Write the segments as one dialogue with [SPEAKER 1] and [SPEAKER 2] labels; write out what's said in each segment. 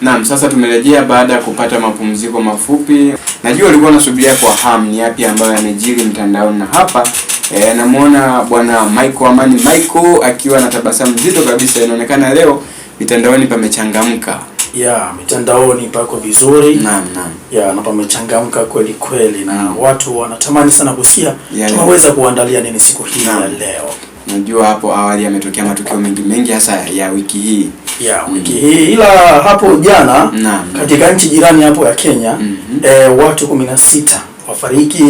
[SPEAKER 1] Naam, sasa tumerejea baada ya kupata mapumziko mafupi. Najua ulikuwa unasubiria kwa hamu ni yapi ambayo yamejiri mtandaoni, na hapa e, eh, namuona bwana Michael Amani Michael akiwa na tabasamu zito kabisa. Inaonekana leo mitandaoni pamechangamka.
[SPEAKER 2] Ya, mitandaoni pako vizuri. Naam, naam. Ya, na pamechangamka kweli kweli na naam. Mm. Watu wanatamani sana kusikia tunaweza kuandalia nini siku hii ya leo.
[SPEAKER 1] Najua hapo awali yametokea matukio mengi mengi hasa ya wiki hii
[SPEAKER 2] ya mm. wiki mm hii, ila hapo jana katika nchi jirani hapo ya Kenya mm -hmm. e, watu 16 wafariki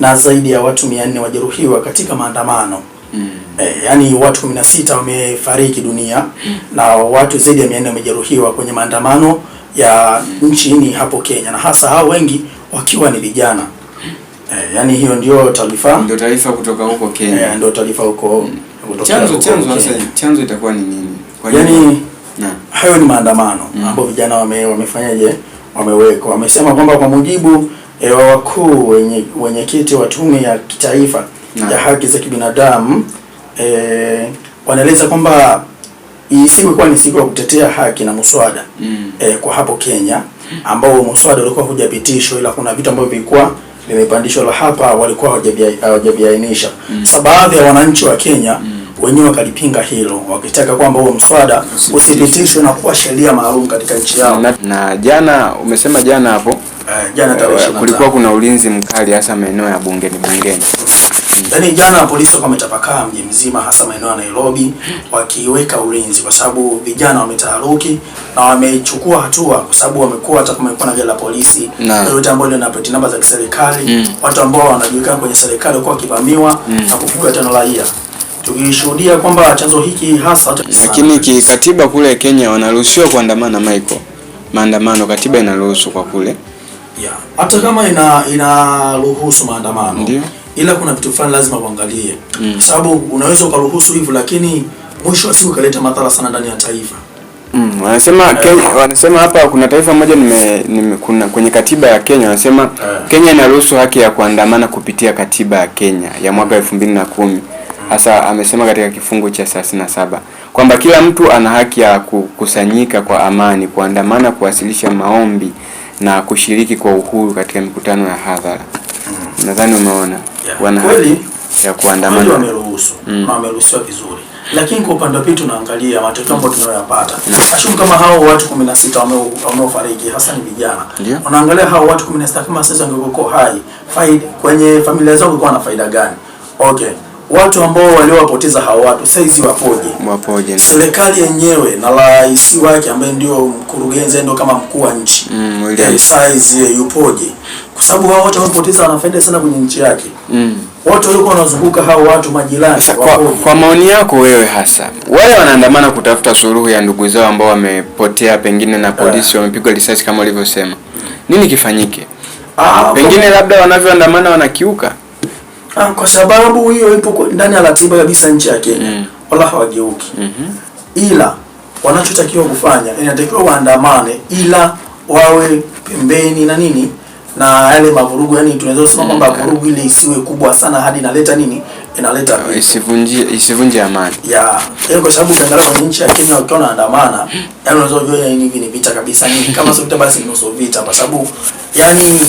[SPEAKER 2] na zaidi ya watu 400 wajeruhiwa katika maandamano mm. -hmm. E, yani watu 16 wamefariki dunia mm. -hmm. na watu zaidi ya 400 wamejeruhiwa kwenye maandamano ya mm. nchini hapo Kenya, na hasa hao wengi wakiwa ni vijana mm. E, yani hiyo ndio taarifa
[SPEAKER 1] ndio taarifa kutoka huko Kenya e,
[SPEAKER 2] ndio taarifa huko
[SPEAKER 1] mm. chanzo chanzo chanzo itakuwa ni nini?
[SPEAKER 2] Kwa yani hayo ni maandamano mm. ambayo vijana wame, wamefanyaje wamewekwa. Wamesema kwamba kwa mujibu e, wa wakuu wenye wenyekiti wa tume ya kitaifa ya haki za kibinadamu e, wanaeleza kwamba isiwe siku ni siku ya kutetea haki na muswada mm. e, kwa hapo Kenya ambao muswada ulikuwa hujapitishwa, ila kuna vitu ambavyo vilikuwa vimepandishwa la hapa walikuwa hawajabiainisha. mm. Sasa baadhi ya wananchi wa Kenya mm wenyewe wakalipinga hilo, wakitaka kwamba huo mswada usipitishwe na kuwa sheria maalum katika nchi yao. Na,
[SPEAKER 1] na jana umesema jana hapo
[SPEAKER 2] uh, jana tarehe eh,
[SPEAKER 1] kulikuwa kuna ulinzi mkali hasa maeneo ya bungeni bungeni mm.
[SPEAKER 2] Yaani jana polisi wakawa wametapakaa mji mzima, hasa maeneo ya Nairobi, wakiweka ulinzi, kwa sababu vijana wametaharuki na wamechukua hatua, kwa sababu wamekuwa hata kama na gari la polisi yote ambayo lina plate namba za kiserikali mm. watu ambao wanajulikana kwenye serikali kwa wakivamiwa mm. na kupigwa tena raia tulishuhudia kwamba chanzo hiki hasa.
[SPEAKER 1] Lakini kikatiba kule Kenya wanaruhusiwa kuandamana Michael, maandamano katiba inaruhusu kwa kule
[SPEAKER 2] yeah. Hata kama ina inaruhusu maandamano ndio, ila kuna vitu fulani lazima uangalie mm. sababu unaweza ukaruhusu hivyo, lakini mwisho wa siku ikaleta madhara sana ndani ya taifa.
[SPEAKER 1] Mm, wanasema Kenya, wanasema hapa kuna taifa moja nime, nime kuna, kwenye katiba ya Kenya wanasema yeah. Kenya inaruhusu haki ya kuandamana kupitia katiba ya Kenya ya mwaka elfu mbili na kumi hasa amesema katika kifungu cha saba kwamba kila mtu ana haki ya kukusanyika kwa amani, kuandamana, kuwasilisha maombi na kushiriki kwa uhuru katika mikutano ya hadhara. Mm. Nadhani umeona yeah. Wana haki ya kuandamana
[SPEAKER 2] wameruhusu mm. na wameruhusiwa vizuri, lakini kwa upande wa pili tunaangalia matokeo ambayo tunayoyapata mm. ashumu kama hao watu 16 wameofariki hasa ni vijana yeah. Unaangalia hao watu 16 kama sasa wangekuwa hai faida kwenye familia zao, kulikuwa na faida gani? Okay watu ambao waliowapoteza hao watu saizi wapoje? Wapoje? Serikali yenyewe na rais wake ambaye ndio mkurugenzi, ndio kama mkuu wa nchi mm, e, eh, saizi yupoje? Kwa sababu hao watu waliopoteza wanafaida sana kwenye nchi yake mm. Watu walikuwa wanazunguka hao watu majirani. Kwa,
[SPEAKER 1] kwa maoni yako wewe, hasa wale wanaandamana kutafuta suluhu ya ndugu zao ambao wamepotea pengine na polisi yeah, wamepigwa risasi kama ulivyosema, nini kifanyike? Ah, pengine labda wanavyoandamana wanakiuka
[SPEAKER 2] Ah, kwa sababu hiyo ipo ndani ya ratiba kabisa nchi ya Kenya. Mm. Wala hawageuki. Mm -hmm. Ila wanachotakiwa kufanya inatakiwa waandamane, ila wawe pembeni na nini na yale mavurugu, yani tunaweza kusema kwamba mm. vurugu ile isiwe kubwa sana hadi inaleta nini, inaleta
[SPEAKER 1] ah, isivunjie isivunje amani
[SPEAKER 2] ya yeah. Kwa sababu ukiangalia kwenye nchi ya Kenya ukiona andamana, yani unaweza kujua hivi ni vita kabisa, nini kama sio vita basi ni nusu vita, kwa sababu yani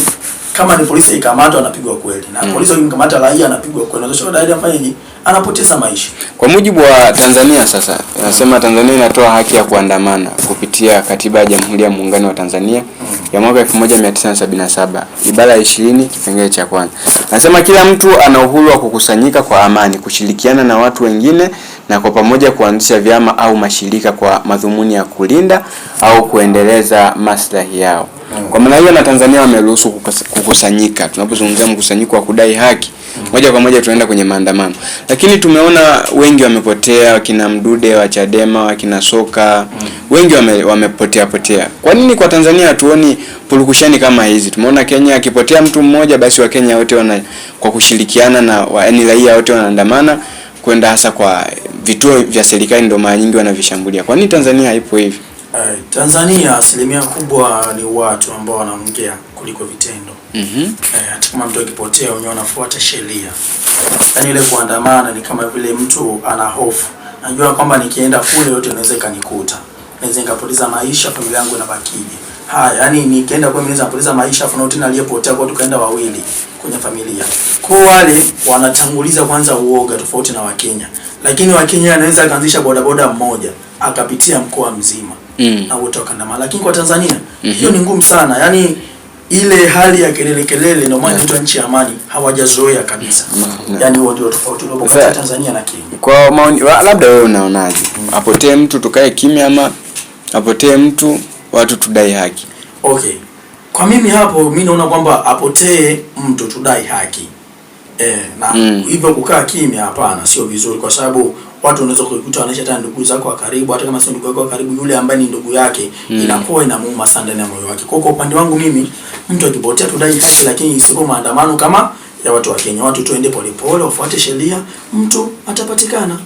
[SPEAKER 2] kama ni polisi ikamatwa anapigwa kweli na mm. polisi ikamata raia anapigwa kweli, unatoshoka afanye nini? Anapoteza maisha.
[SPEAKER 1] Kwa mujibu wa Tanzania sasa nasema Tanzania inatoa haki ya kuandamana kupitia katiba ya Jamhuri ya Muungano wa Tanzania mm. ya mwaka 1977 ibara ya 20 kipengele cha kwanza nasema kila mtu ana uhuru wa kukusanyika kwa amani, kushirikiana na watu wengine na kwa pamoja kuanzisha vyama au mashirika kwa madhumuni ya kulinda au kuendeleza maslahi yao. Kwa maana hiyo na Tanzania wameruhusu kukusanyika. Tunapozungumzia mkusanyiko wa kudai haki, moja kwa moja tunaenda kwenye maandamano, lakini tumeona wengi wamepotea, wakina Mdude wa Chadema, wakina Soka wengi wame, wamepotea potea. Kwa nini kwa Tanzania hatuoni purukushani kama hizi? Tumeona Kenya akipotea mtu mmoja, basi Wakenya wote wana kwa kushirikiana na yaani raia wote wanaandamana kwenda hasa kwa vituo vya serikali, ndio mara nyingi wanavishambulia. Kwa nini Tanzania haipo hivi?
[SPEAKER 2] Eh, Tanzania asilimia kubwa ni watu ambao wanaongea kuliko vitendo. Mhm. Mm hata kama mtu akipotea wenyewe wanafuata sheria. Yaani ile kuandamana ni kama vile mtu ana hofu. Najua kwamba nikienda kule yote inaweza ikanikuta. Naweza nikapoteza maisha, familia yangu inabakije. Haya, yaani nikienda kule naweza kupoteza maisha afu tena aliyepotea kwa tukaenda wawili kwenye familia. Kwa wale wanatanguliza kwanza uoga tofauti na Wakenya. Lakini Wakenya anaweza akaanzisha bodaboda mmoja akapitia mkoa mzima mm. na wote lakini kwa Tanzania mm hiyo -hmm. ni ngumu sana yani ile hali ya kelele kelele, ndio maana inaitwa nchi ya amani, hawajazoea kabisa yeah. Yani huo ndio tofauti uliopo Tanzania na Kenya.
[SPEAKER 1] Kwa maoni, labda wewe unaonaje, apotee mtu tukae kimya ama apotee mtu watu tudai haki?
[SPEAKER 2] Okay, kwa mimi hapo mimi naona kwamba apotee mtu tudai haki eh, na mm. hivyo kukaa kimya, hapana, sio vizuri kwa sababu watu wanaweza kuikuta wanaishi hata ndugu zako wa karibu, hata kama sio ndugu yako wa karibu, yule ambaye ni ndugu yake mm. inakuwa inamuuma sana ndani ya moyo wake. Kwa kwa upande wangu mimi, mtu akipotea tudai haki, lakini isipo maandamano kama ya watu wa Kenya, watu tuende polepole, wafuate sheria, mtu atapatikana.